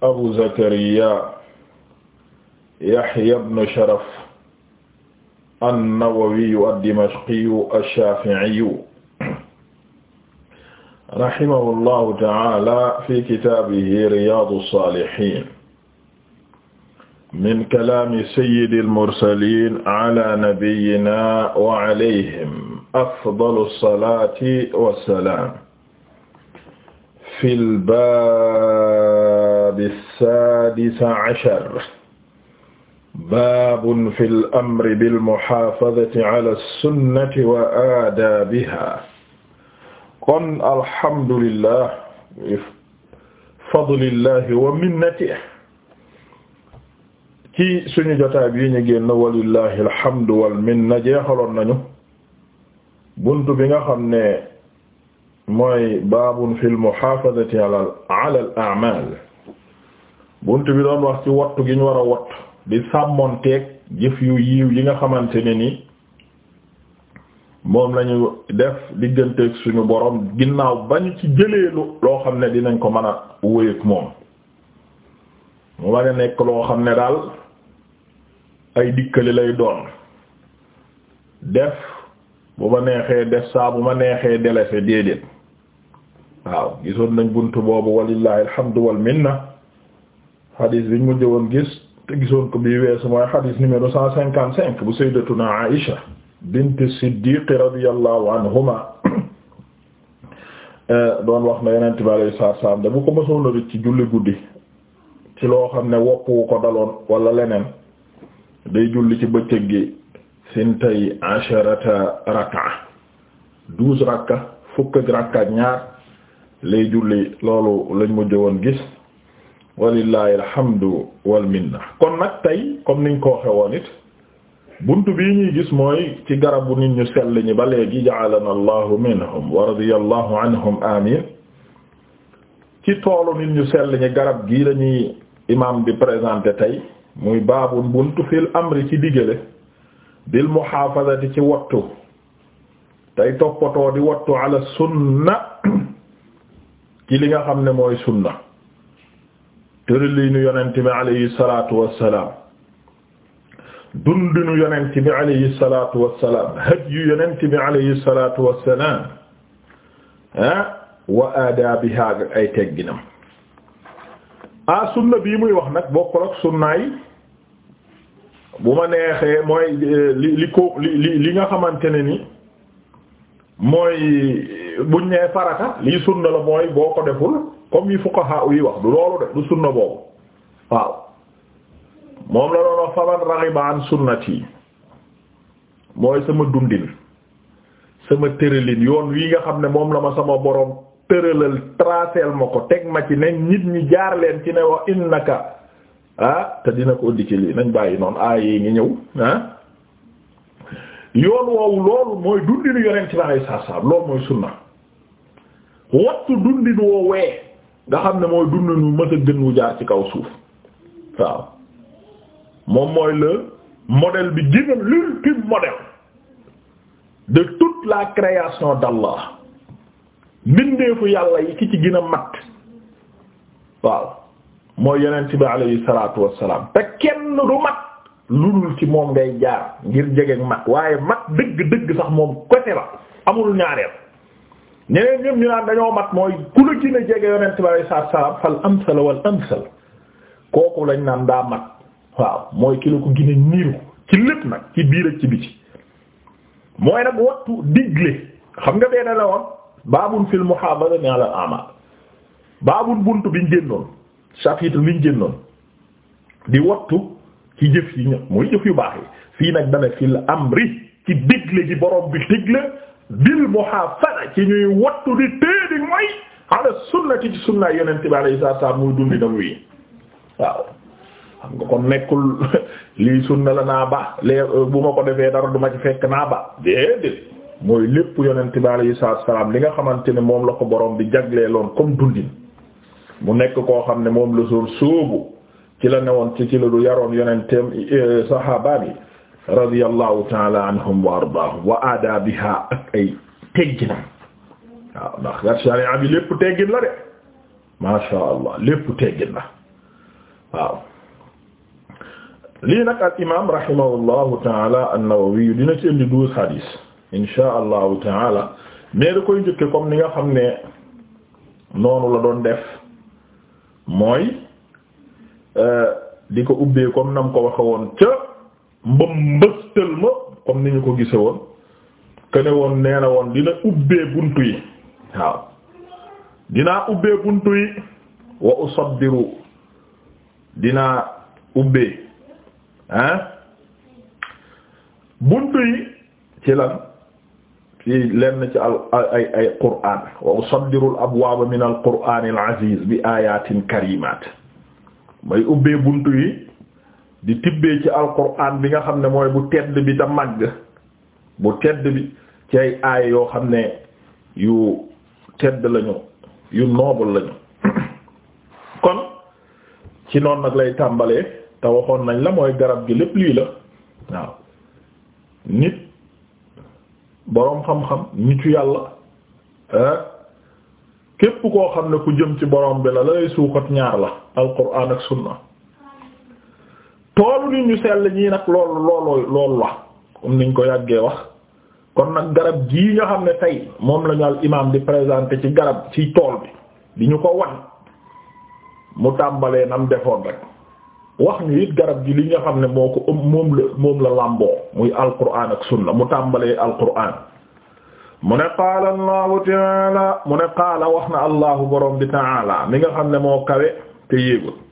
abu zakariya yahya ibn sharaf an-nawawiyu ad-dimashqiyu ash-shafi'iyu rahimahu llahu ta'ala fi kitaabihi riyaadu saalihiin min kalaami sayyidil mursaliin ala nabiyyinaa wa alayhim afdalu salaati wa salaam fil baab alkitaabi saadisa ashar baabun fil amri bil muhaafazati ala sunnati wa aadaabihaa kon alhamdulillah bi fadlillahi wa minnatihi ci suñu jotaay bi ñu génn walillahi alhamdu wal minna jeexaloon nañu buntu bi nga xam ne mooy baabun fil muhaafazati ala al a'maal bunt bi doon wax ci wattu gi ñu war a watt di sàmmonteeg jëf yu yiiw yi nga xamante ne ni moom lañu def diggante suñu borom ginnaaw bañ ci jëleelu loo xam ne dinañ ko mën a wéyeeg moom mu war a nekk loo xam ne daal ay dikkali lay doon def bu ma neexee def saa bu ma neexee delese déedéet waaw gisoon nañ bunt boobu walillahi alhamdu wal minna xadis biñ mu jëwoon gis te gisoon ko bii weesu mooy xadis numéro cent cinquante cinq bu sayyidatuna Aïcha bint Siddiq radiyallahu anhuma doon wax na yeneen bi alayhi salaatu salaam da bu ko mësoon a ci julli guddi ci loo xam ne wopp wu ko daloon wala leneen day julli ci bëccëg gi sintay asharata rak'a douze rakka fukk ak ñaar lay julli loolu lañ mujj woon gis walillahi alhamdu wal minna kon nag tey comme niñ ko waxe woon it bunt bi ñuy gis mooy ci garabu nit ñu sell ñi ba léegi ja'alana allahu minhum wa radiyallahu anhum amin ci toolu nit ñu sell ñi garab gii lañuy imam bi présenté tey muy baabu buntu fil amri ci digale bil muhaafazati ci wattu tey toppatoo di wattu ala sunna ci li nga xam ne mooy sunna tërëliinu yonent bi alayhi salaatu wassalaam dundinu yonent bi alayhi salaatu wassalaam hadyu yonent bi alayhi salaatu wassalaam ah wa aadaabihaa ak ay tegginam a ah, sunna bii muy wax nag bokkul ak bu ma neexee mooy li li ko li li nga xamante ne ni mooy buñ nee farata sunna la mooy boo deful comme yi fuqaha yi wax du loolu de du sunna boobu waaw moom la doon wax faman raghiba an sunnati mooy sama dundin sama tëralin yoon wi nga xam ne moom la ma sama borom tëralal traceel ma ko teg ma ci ne nit ñi jaar leen ci ne wa innaka ah te dina ko indi ci lii nañ bàyyi noon aay yi ngi ñëw ah yoon woowu loolu mooy dundinu yonent bi alayhi salaam loolu mooy sunna wattu dundin woowee nga xam ne mooy dund nu mës gën wu jaar ci kaw suuf waaw moom mooy le modèle bi gën a l'ultime modèle de toute la création d'Allah mbindeefu yàlla yi ki ci gën mat waaw mooy yonent bi alayhi salaatu wassalaam te kenn du mat lu dul ci moom ngay jaar ngir jege mat waaye mat dëgg dëgg sax moom côté la amul ñaareel ñeneen ñoom ñu naan dañoo mat mooy ku la gën a jege yonent bi alayhi salaatu salaam fal amsal wal amsal kooku lañ naan daa mat waaw mooy ki la ko gën a niiru ci lépp nag ci biir ak ci biti mooy nag wattu digle xam nga benn la woon baabun fil muhaabadati ala al-a'maal baabun buntu biñ génnoon chapitre biñ génnoon di wattu ci jëf yi muy jëf yu baax yi fii nag dana fil amri ci digle gi borom bi digle bil muhafaza ci ñuy wattu di téye di mooy ala sunnati ci sunna yonent bi alayhi salaam muy dundi na waaw xam nga ko nekkul lii sunna la naa ba lee bu ma ko defee dara duma ci fekk naa ba déedéet mooy lépp yonent bi alayhi salaam li nga xamante ne moom la ko boroom bi loon comme dundin mu nekk koo xam ne moom la soor sóobu ci la newoon ci ci la du yaroon yonenteem eh, saxaabaam yi radiyallahu taala anhum wa ardaahum wa aadaabiha ak ay tegginam waaw ndax gar sharia bi lépp teggin la de allah lépp teggin al imam rahimahullahu taala an-Nawawi dina ci indi douze hadis insha allahu taala koy njëkke comme ni nga xam ne noonu la doon mooy euh, di ko ubbee comme nam ko waxe woon mba mbëstal ma comme ni ñu ko gise woon kene woon nee na woon dina ubbee buntu yi waaw dinaa ubbee buntu yi wa usaddiru dinaa ubbee ah buntu yi ci lan ci lenn ci al ay ay qur'aan wa usaddiru al abwaaba min al qur'aan al aziz bi ayatin karimaat may ubbee buntu yi di tibbee ci alquran bi nga xam ne mooy bu tedd bi ta màgg bu tedd bi ci ay yoo xam ne yu tedd lañu yu noble lañu kon ci noonu nag lay tàmbalee te waxoon nañ la mooy garab gi lépp lii la waaw nit boroom xam-xam yu yàlla ah, képp koo xam ne ku jëm ci borom bi la lay suuxat ñaar la alquran ak sunna toolu nit ñu sell ñii nag loolu loolu loolu la comme niñ ko yàggee wax kon nag garab gii nga xam ne tey moom lañu al imaam di présenté ci garab ci tool bi di ñu ko wan mu tàmbalee nam defoon rek wax ñu it garab gi li nga xam ne moo ko ëm moom la moom la làmboo muy alquran ak sunna mu tàmbalee alquran mu ne qaala allahu taala mu ne qaala wax na allahu borom bi taala mi nga xam ne moo kawe te yéegul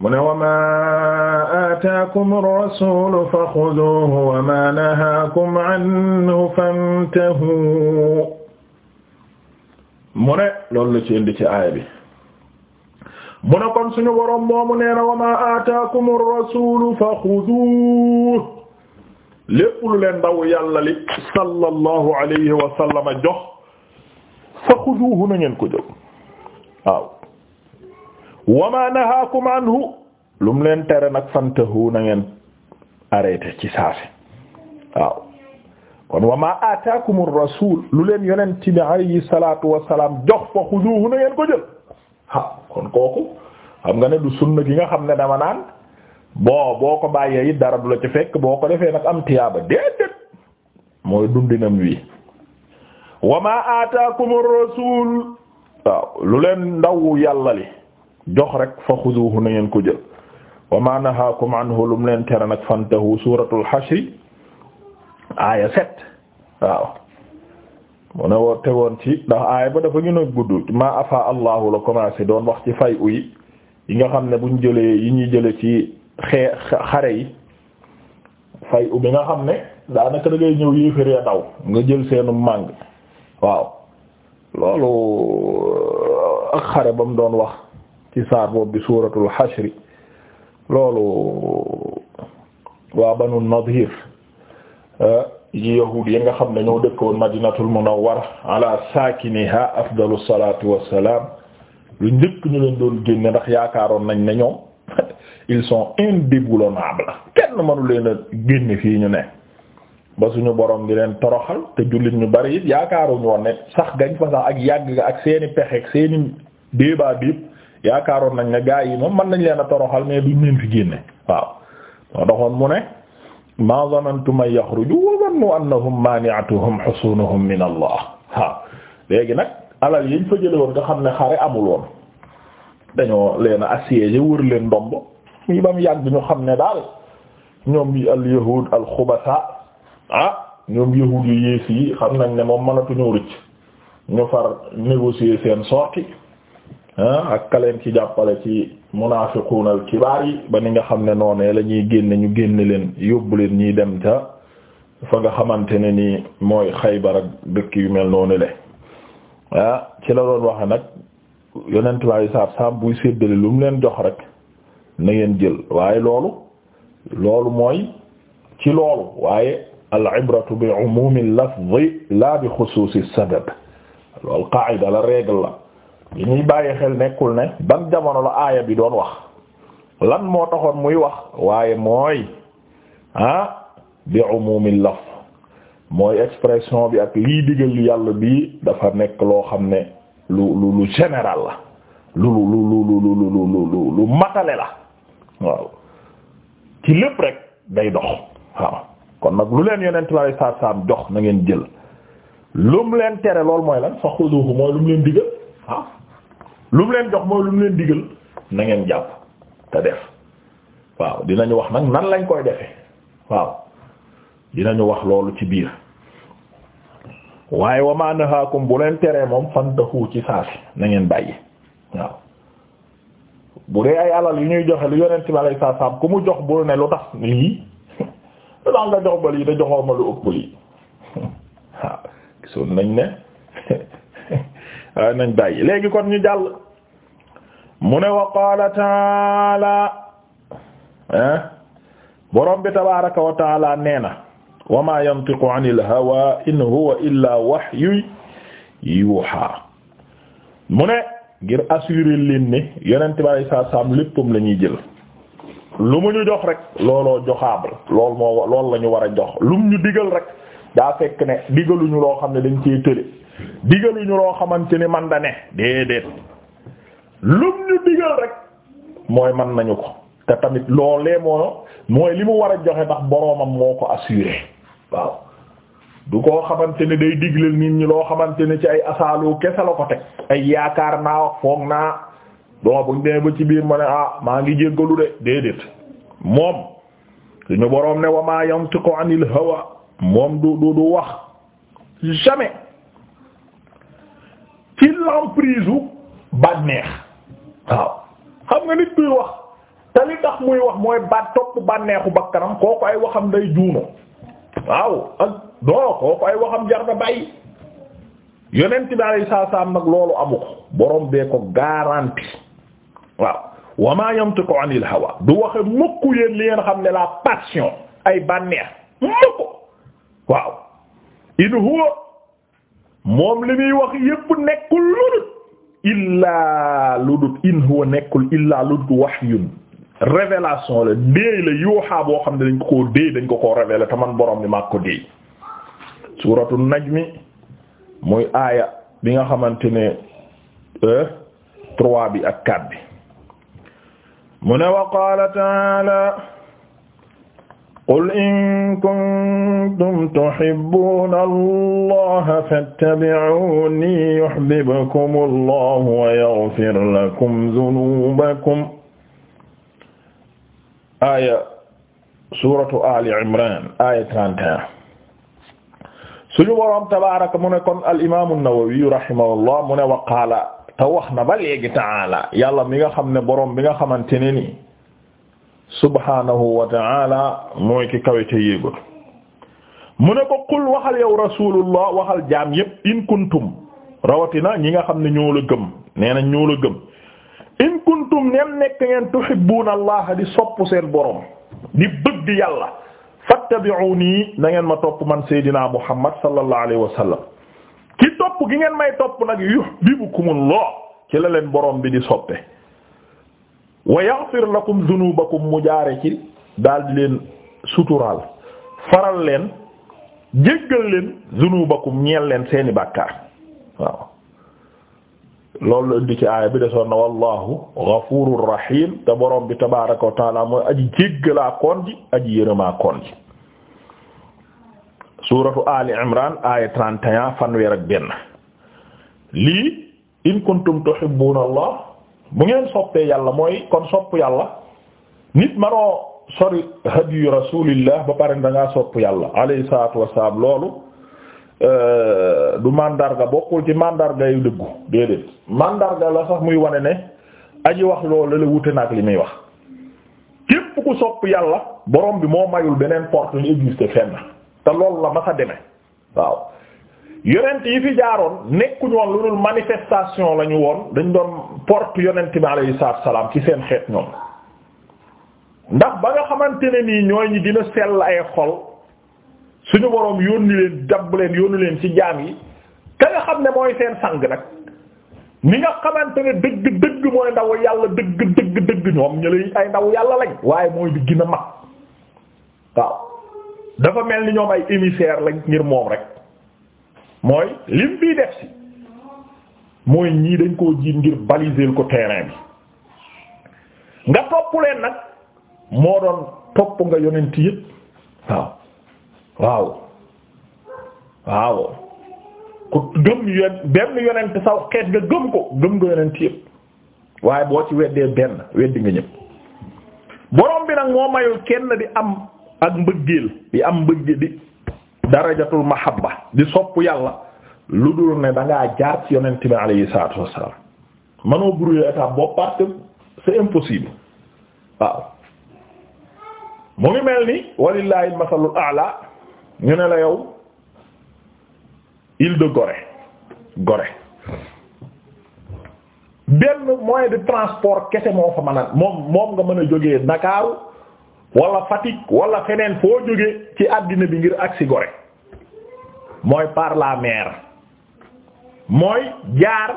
mu ne wa maa aataakum ar-rasuulu fa xuduuhu wa maa nahaakum anhu fantahuu mu ne loolu la ci indi ci aaya bi mu ne kon suñu boroom moomu nee na wa maa aataakum ar-rasuulu fa xuduuhu lépp lu leen ndaw yàlla li sallallahu alayhi wa sallama jox fa xuduuhu na ngeen ko jóg waaw wa ma nahaakum anhu lu mu leen tere nag fantahu na ngeen arrêté ci saasi waaw kon wa ma ataakum lu leen yonent bi alayhi salatu wasalaam jox fa xuduhu na ngeen ko jël waaw kon kooku xam nga ne du sunna gi nga xam ne dama naan bon boo ko bàyyee it dara du la ci fekk boo ko defee nag am tiyaaba déedéet mooy dundinam wi wa ma ataakum waaw lu leen ndaw yàllali jox rek fa xuduhu na ngeen ko jël wa ma nahaakum anhu lum leen tere nag fantahu suratul xashri aaya sept waaw mu ne woo tegoon ci ndax aaya ba dafa gën a gudd ma afa allahu la commencé doon wax ci fay u yi yi nga xam ne bu ñu jëlee yi ñuy jële ci xee xare yi fay u bi nga xam ne daanaka da ngay ñëw yéeféree daw nga jël seenu màng waaw loolu ak xare ba mu doon wax ci saar boobu di suuratul xashri loolu waa banu nadir eh, yi yahuud yi nga xam ne ñoo dëkkoon madinatul munawwara ala saakiniha afdalu salaatu wassalaam lu njëkk ñu leen doon génne ndax yaakaaroon nañ ne ñoom ils sont indéboulonnables kenn mënu leen a génne fii ñu ne ba suñu borom di leen toroxal te jullit ñu bari it yaakaaruñu woon ne sax gañ fa sax ak yàgg ga ak seeni pexe ak seeni débat bi yaakaaroon nañ ne gaa yi moom mën nañ leen a toroxal mais ñu leen fi génne waaw moo taxoon mu ne ma zanantum an yaxruju wa zannu annahum mani'atuhum husunuhum min allah waaw léegi nag alal yiñ fa jële woon nga xam ne xare amul woon dañoo leen a assiégé wër leen ndomb mii ba mu yàgg ñu xam ne daal ñoom yi al yahud al xubasa ah, ñoom yahud yu yées yi xam nañ ne moom mënatuñu rëcc ñu far négocier seen sortie Ah, ak kaleen ci jàppale ci munaafiquun al kibaar yi ba ni nga xam ne noonee lañuy ñuy génne ñu génne leen yóbbu leen ñuy dem ta fa nga xamante ne nii mooy Xaybar ak dëkk yu mel noonu le ah ci la doon waxe nag yonent waayu saab saab buy séddale lu mu leen jox rek na ngeen jël waaye loolu loolu mooy ci loolu waaye al ibratu bi umumi lafzi la bi xusuusi sabab loolu qaida la règle la li ñuy bàyyi xel nekkul ne ban jamono la aaya bi doon wax lan moo taxoon muy wax waaye mooy ah bi umumil laf mooy expression bi ak lii digal yàlla bi dafa nekk loo xam ne lu lu lu général la lu lu lu lu matale la waaw ci lépp rek day dox waaw kon nag lu leen yonent la saat saam jox na ngeen jël lu mu leen tere loolu mooy lan fa xuduhu mooy lu leen digal lu mu leen jox mooy lu mu leen digal na jàpp te def waaw dinañu wax nag nan lañ koy defe waaw dinañu wax loolu ci biir waaye wa ma nahaakum bu leen teree moom fantahu ci saasi na ngeen bàyyi waaw bu dee ay alal yu ñuy joxe lu yonent bi alay saa saam ku mu jox bul ne lu tax lii lu tax nga jox ba lii te joxoo lu ëpp lii waaw nañ ne nañ bàyyi léegi kon ñu jàll mu ne wa qaala taala ah borom bi tabaaraka wa taala nee na wa maa yantiqu anil hawa in huwa illaa wahyu yuuhaa mu ne ngir assurer leen ni yonent bi alayhi salaatu salaam léppam la ñuy jël lu mu ñu jox rek looloo joxaabal lool moo lool la war a jox lu mu ñu digal rek daa fekk ne digaluñu loo xam ne dañ cee tële digaluñu loo xamante ni man da ne déedéet lum ñu digal rek mooy man nañu ko te tamit loolee moo mooy li mu war a joxe ndax boroomam moo ko assuré waaw du koo xamante ne day diglal nit ñi loo xamante ne ci ay asaalu kese la ko teg ay yaakaar naa wax foog naa bon buñ ba ci biir ma ne ah maa ngi jéggalu de déedéet moom suñu boroom ne wa ma yantiqu anil hawa moom du du du wax jamais ci l'emprise u bànneex waaw xam nga nit buy wax te li tax muy wax mooy ba topp bànneexu bakkanam kooku ay waxam day juuno waaw ak doo kooku ay waxam jar na bàyyi yonent bi alayhi salaam nag loolu amu ko borom bee ko garanti waaw wa ma yantiqu anil hawa du waxe mukk yéen li ngeen xam ne la passion ay bànneex mukk waaw in huwa moom li muy wax yépp nekkul ludut illaa ludut in huwa nekkul illaa ludut wahyun révélation la déey la yooxaa boo xam ne dañ ko koo déey dañ ko koo révélé taman borom ni maag ko déey suratu najmi muy aaya bi nga xamante ne eh, trois bi ak quatre bi mu ne wa qaala taala qul in kuntum tuhibbuuna allaha fattabi'uuni yuhbibkumu allahu wa yaghfir lakum dunuubakum aaya suratu ali imran aaya 31 suñu boroom tabaaraka mu ne kon alimamu nawawiyu rahimahullah mu ne waqaala te wax na ba léegi ta'aala yàlla mi nga xam ne boroom bi nga xamante ne ni subhanahu wa ta'ala mooy ki kawe ca yéegut mu ne ko qul waxal yow rasulullah waxal jaam yépp in kuntum rawatina ñi nga xam ne ñoo la gëm nee na ñoo la gëm in kuntum nem nekk ngeen tuhibbuna allah di sopp seen borom di bëgg yàlla fattabi'uni na ngeen ma topp man seydina muhammad sallallahu alayhi wa sallam ki topp gi ngeen may topp nag yu yuhibbukumullah ci la leen borom bi di soppe waya yaghfir lakum dhunubakum mu jaare ci daal leen sutural faral leen jéggal leen dhunubakum ñeel leen seeni bàkkaar waaw la indi ci aaya bi desoon na wallahu ghafurur rahim te borom bi tabaaraka wa mooy aji jéggalaa koon aji yërëmaa koon suuratu ali imran aaya 31 fanweer ak benn lii in kuntum tuhibbuna allah bu ngeen soppee yàlla mooy kon sopp yàlla nit manoo sori hadiyu rasulillah ba pare da ngaa sopp yàlla alayhi salaatu wassalaam loolu euh, du màndarga bokkul ci mandarga yu dëggu déedéet mandarga la sax muy wane ne aji wax loolu la wute nag li muy wax képp ku sopp yàlla borom bi moo mayul beneen porte ñu exister fenn te loolu la ma sa demee waaw yonent yi fi jaaroon nekkuñu woon lu dul manifestation lañu woon dañ doon porte yonent bi alayhi salaam ci seen xeet ñoom ndax ba nga xamante ne nii ñooy ñi dina sell ay xol suñu boroom yónni leen dabb leen yónni leen ci jaam yi ka nga xam ne mooy seen sang nag ni nga xamante ne dëgg dëgg mooy ndaw yàlla dëgg dëgg dëgg ñoom ñu lay ay ndaw yàlla lañ waaye mooy bi gën a mag waaw dafa mel ni ñoom ay émissaire lañ ngir moom rek mooy lim bii def si mooy ñii dañ koo jiit ngir baliser ko terrain bi nga topp leen nag moo doon topp nga yonent yëpp waaw waaw waaw ku gëm yon benn yonent saw xeet nga gëm ko gëm nga yonent yëpp waaye boo ci weddee benn weddi nga ñëpp borom bi nag moo mayul kenn di am ak mbëggeel di am mbëggeel di darajatul mahabba di sopp yàlla lu dul ne da ngaa jaar ci yonent bi alayhi salaatu wassalaam mënoo brouiller étape boobu parce c'est impossible waaw mu ngi mel ni walillahi al-masalul a'la ñu ne la yow île de Gorée Gorée benn moyen de transport kese moo fa mën a moom moom nga mën a jógee Ndakaaru wala fatik wala feneen foo jógee ci àddina bi ngir agsi Gorée mooy par la mooy jaar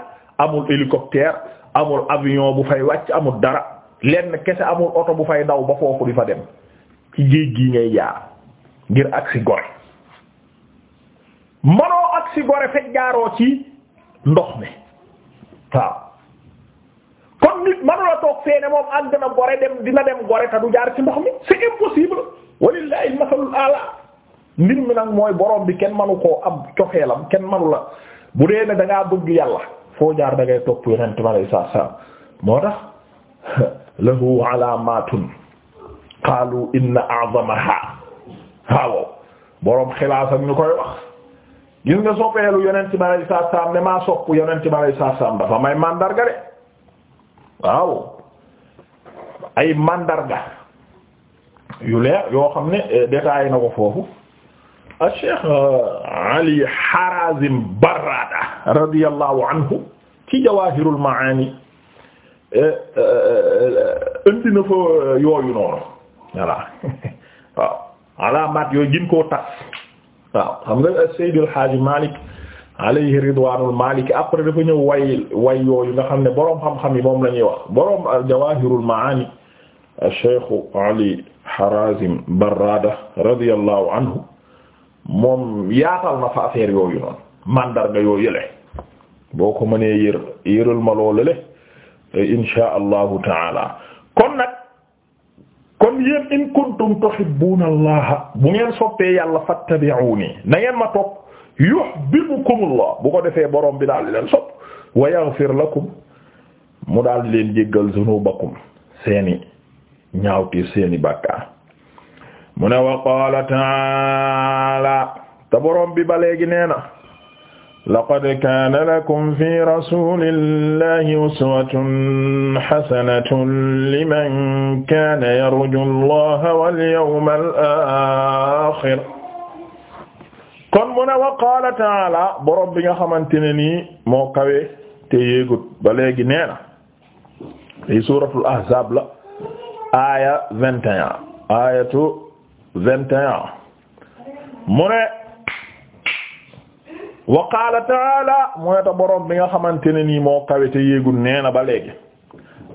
amul hélicoptère amul avion bu fay wàcc amul dara lenn kese amul oto bu fay daw ba foofu di fa dem ci géej gi ngay jaar ngir agsi Gorée mënoo agsi Gorée fekk jaaroo ci ndox mi waaw. kon nit manula toog fee moom àgg na gore dem dina dem gore te du jaar ci ndox mi c'est impossible walillahi masalul ala mbir nag mooy borom bi kenn manu koo am cofeelam kenn manu la bu dee ne da ngaa bëgg yàlla foo jaar da ngay topp yonent mi alayhi salaatu salaam moo tax lahu alaamatun qaalu inna a'zamaha waaw borom xilaas ak ñu koy wax gis nga soppeelu yonent mi alayhi ne maa sopp yonent mi alayhi dafa may mandarga de waaw ay mandarga yu leer yoo xam ne eh, détaillé na ko foofu a cheikh eh, ali harazim barrada radiyallahu anhu ci jawahirul maani eh, indi na fa yooyu noonu voilà waaw alamat yooyu gin koo tas waaw xam nga Seydil Hadji Malick alayhi ridwaanul maliki après dafa ñëw way way yooyu nga xam ne boroom xam-xam yi moom la ñuy wax boroom jawaahirul maani Cheikh Ali Harazim Barrada radiyallahu anhu moom yaatal na fa affaire yooyu noonu mandarga yoo yële boo ko mënee yër yëral ma loolale insha allahu taala kon nag kon yéen in kuntum tuhibbuna allaha bu ngeen soppee yàlla fattabi'uni na ngeen ma topp yuhibbukumullah bu ko defee borom bi daal di leen sopp wa yaghfir lakum mu daal di leen jéggal zunubakum seeni ñaawti seeni bàkkaar mu ne wa qaala ta'ala te borom bi ba léegi nee na laqad kaana lakum fi rasulillahi uswatun hasanatun liman kaana yarju allaha wal yawmal aaxir kon mu ne wa qaala taala borom bi nga xamante ne nii moo kawe te yéegut ba léegi nee na li suuratul ahzaab la aaya vingt et un aayatu vingt et un mu ne wa qaala taala mu ne ta borom bi nga xamante ne nii moo kawe te yéegut nee na ba léegi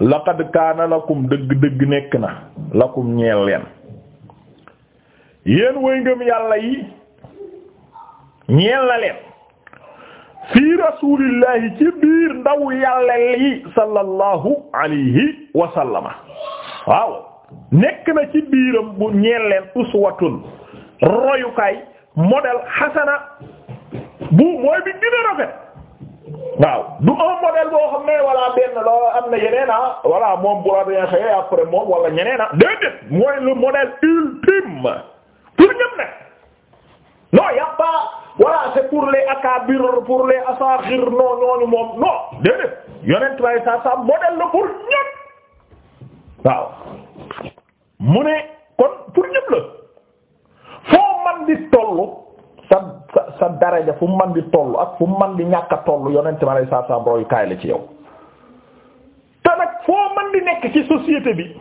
laqad kaana lakum dëgg-dëgg nekk na lakum ñeel leen yéen way ngëm yàlla yi ñeel na leen fii rasulillahi ci biir ndaw yàlla li sallallahu alayhi wa waaw nekk na ci biiram bu ñeel leen uswatun royukaay modèle xasana bu mooy bi dina rafet waaw du un modèle boo xam na yeneen ah moom bu la neexee après moom wala ñeneen ah mooy le modèle ultime pour ñëpp nag non y voilà c'est pour les akabir pour les asaxir non ñooñu moom non déedéet yonent way sa sa modèle pour ñëpp waaw mu ne kon pour ñëpp la foo man di tollu sa sa sa daraja fu man di tollu ak fu man di ñàkk a tollu yonent way sa sa la ci yow te nag foo man di nekk ci société bi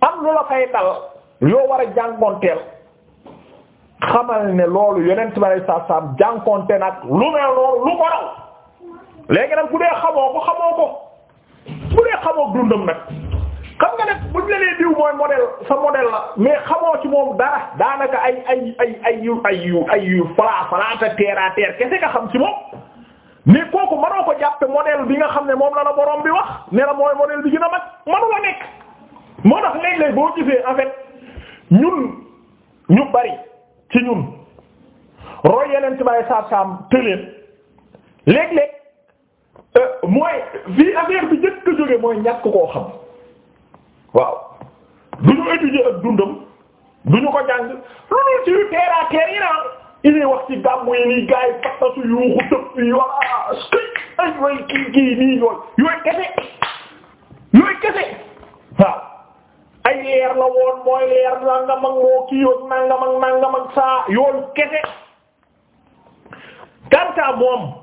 am lu la fay dal yoo war a jàngoonteel xamal ne loolu yonent bi alayhi salaatu salaam jànkonte nag lu mel noonu lu ko raw léegi nag bu dee xamoo ko xamoo ko bu dee xamoo dundam nag xam nga nag buñ la nee diw mooy ci moom daanaka ay ay ay ay yu ay nga xam ci moom mais kooku ko jàppe modèle bi nga xam ne moom la la borom bi wax ne la mooy modèle bi gën a mag mënu nekk moo tax léeg-léeg boo gisee en fait ñun ñu bari ci ñun roy yeneen ci bàyyi saab saam tëleen léeg-léeg euh, mooy fii affaire bi jëkk jóge mooy ñàkk koo xam waaw du ñu étudier ak dundam du ñu ko jàng lu ñu ci terre yi naan il wax ci gàmmu yi nii gars yi yuuxu tëb yi wax ay way kii kii nii yooyu yooyu kese yooyu kese waaw ay leer la woon mooy leer nangam ak moo ak saa yooyu kese kanta moom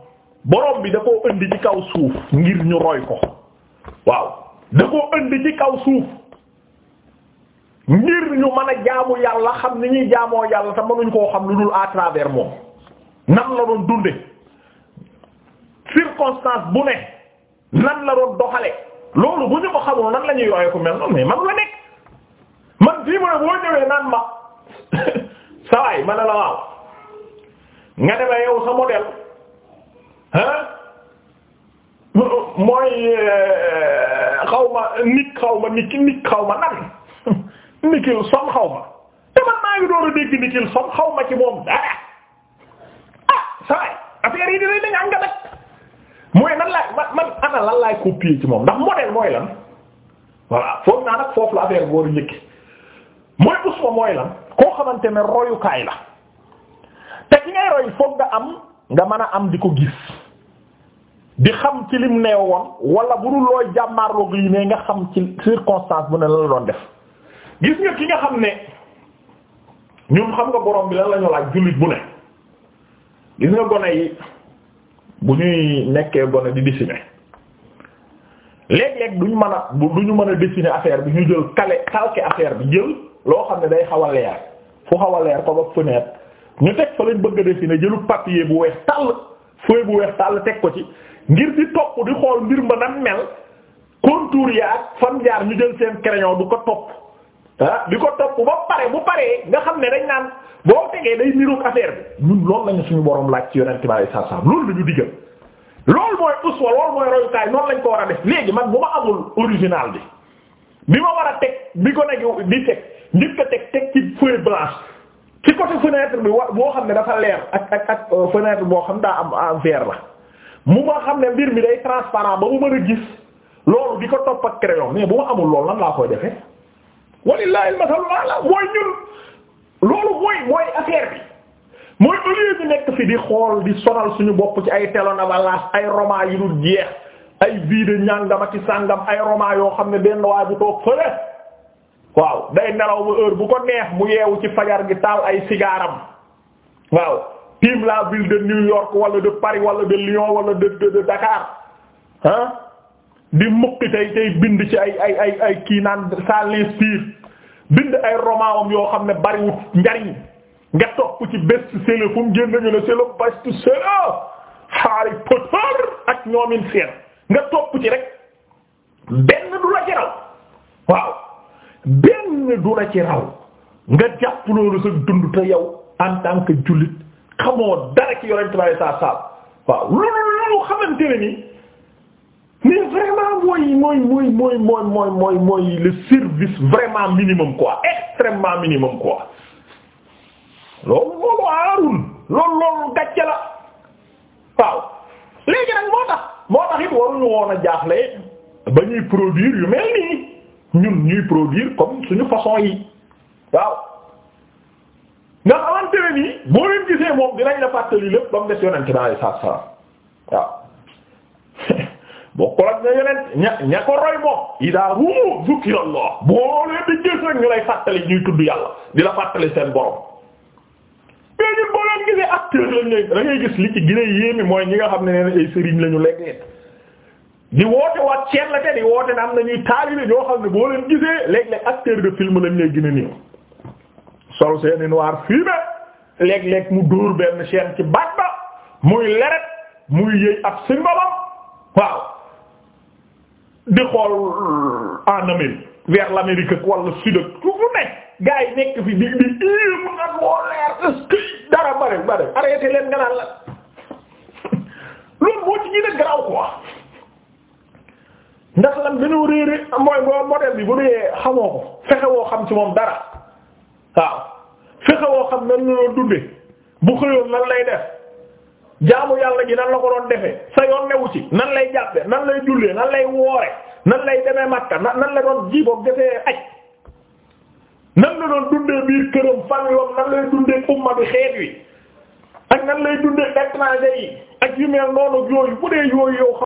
borom bi da koo indi ci kaw suuf ngir ñu roy ko waaw da koo indi ci kaw suuf ngir ñu man a jaamu yàlla xam ni ñuy jaamoo yàlla te mënuñ koo xam lu dul à travers moom nan la doon dunde circonstance bu ne nan la doon doxale loolu bu ñu ko xamul nan la ñuy roye ko mel noonu mais la nekk man fii mu ne boo ñëwee naan ma sawaay ma ne la waaw nga demee yow sa modèle ah mooy euh, xaw ma nit xaw ma nit xaw ma nan nikil som xaw ma te man maa door a dégg nikil som xaw ma ci moom dara ah sawaay affaire yi dinañ nga mooy nan laay man man ana lan laay copier moom ndax modèle mooy lan voilà foofu naa nag foofu la affaire boor njëkk mooy uswa mooy lan koo xamante ne royukaay la te ki ngay roy foog nga am nga mën a am di ko gis di xam ci lim nee woon wala bu dul looy jàmmaarloog lii ne nga xam ci circonstance bu ne la doon def gis nga ki nga xam ne ñun xam nga borom bi lan la ñu laaj jullit bu ne gis nga gone yi bu ñuy nekkee gone di dessiner léeg-léeg duñ mën a duñu mën a dessiner affaire bi ñu jël kale calquer affaire bi jël loo xam ne day xaw leer fu xaw a leer ko ba fenêtre ñu teg fa lañ bëgg a dessiner jëlu papier bu weex tàll feuille bu weex tàll teg ko ci ngir di topp di xool mbir ma nan mel contour ya ak jaar ñu jël seen crayon du ko topp ah di ko topp ba pare bu paree nga xam ne dañ naan boo tegee day niroog affaire bi ñun loolu lañu suñu borom laaj ci yonent bi alayhi salaam loolu la ñu digal loolu mooy uswa loolu mooy royukaay noonu lañ ko war a def léegi man bu ma amul original bi bi ma war a teg bi ko nag di njëkk a teg teg ci feuille blanche ci côté fenêtre bi wa boo xam ne dafa leer ak ak ak euh, fenêtre boo xam ne daa am en euh, verre la mu ma xam ne mbir mi day transparent ba mu mën a gis loolu di ko topp ak crayon mais bu ma amul loolu lan laa koy defee walillahi almasalul ala mooy ñun loolu mooy mooy affaire bi mooy au lieu nekk fi di xool di sonal suñu bopp ci ay telenovelas ay roma yu dul jeex ay vie de ñàngam sàngam ay roman yoo xam ne benn waa bu waaw day nelaw mu heure bu ko neex mu yeewu ci fajar ngi taal ay cigaaram waaw tiim la ville de New York wala de Paris wala de Lyon wala de de Dakar ah di mukki tey tey bind ci ay ay ay kii naan ça l'inspire bind ay romanam yoo xam ne bariwul njariñ nga topp ci best-seller génn ñu ne c'est le best-seller Harry Potter ak ñoomin seen nga topp ci rek benn du la jaral waaw benn du la ci raw nga jàpp loolu sa dund te yow en tant que jullit xamoo dara ci yonent bi saa saa waaw loolu loolu xamante ne ni mais vraiment mooy mooy mooy mooy mooy mooy mooy mooy le service vraiment minimum quoi extrêmement minimum quoi loolu loolu aarul loolu loolu gàcce la waaw léegi nag moo tax moo tax it waruñu woon a jaaxle ba ñuy produire yu mel nii. ñun ñuy produire comme suñu façon yi waaw nga xamante ne nii boo leen gisee moom dinañ la fàttali lépp ba mu des yonent bi alayhi salaatu salaam waaw boo ko la ña yonent ña ña ko roy moom idaa hum zukira Allah boo di gis rek ñu lay fàttali ñuy tudd yàlla di la fàttali seen borom mais ñun boo leen gisee acteur lañ lay da ngay gis li ci gën a mooy ñi nga xam ne nee ay ñu lañu lekk di woote waat ceeb la te di woote na am na ñuy taalibe ñoo xam ne boo leen gisee léeg-léeg acteur de film lañ lay gën a néew. sol seeni noir fumé léeg-léeg mu dóor benn chaîne ci baat ba muy leret muy yëy ab si waaw di xool en Amérique vers l'Amérique ak wala sud ak fu mu nekk gars yi nekk fi di di iim nga moo leer est-ce que dara bare bare arrêté leen nga naan la loolu moo ci gën a garaaw quoi. ndax lan dañoo réere mooy boo modèle bi bu dee xamoo ko fexe xam ci moom dara waaw fexe woo xam nan la doon dunde bu xëyoon nan lay def jaamu yàlla ji nan la ko doon defee sa yoon newu ci nan lay jàppe nan lay jullee nan lay woore nan lay demee Makka nan la doon ji boobu defee aj nan la doon dundee biir këram fan yoon nan lay dundee umma bi xeet wi ak nan lay dundee étranger yi ak yu mel noonu yooyu bu dee yooyu yow